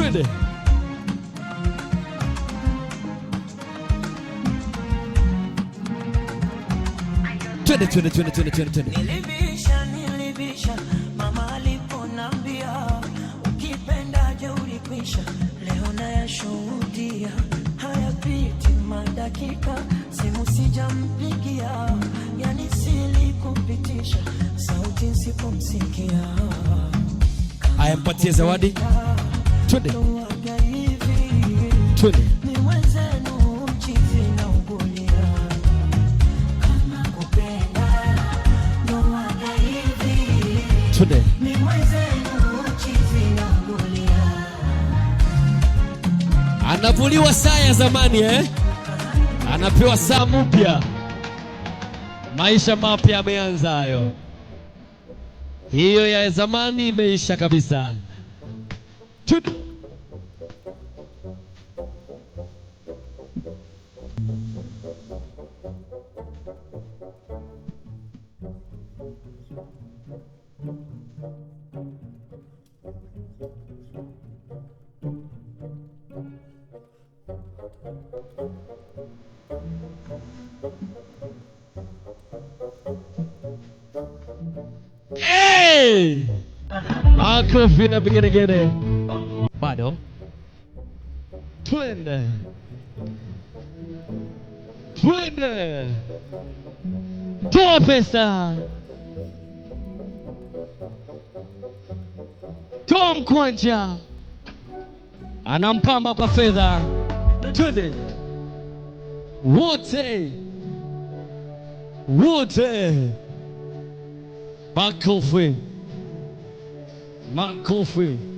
twende. Twende twende twende twende twende twende. Nilibisha nilibisha mama aliponambia ukipendaje ulikwisha leo haya piti madakika simu sijampigia yani silikupitisha sauti sipomsikia ayampatie zawadi twende twende anavuliwa saa ya zamani eh? Anapewa saa mpya, maisha mapya ameanza hayo. Hiyo ya zamani imeisha kabisa. to Hey! I could feel beginning again. Eh? bado twende twende, toa pesa, toa mkwanja, anampamba kwa fedha, twende wote wote, makofi makofi.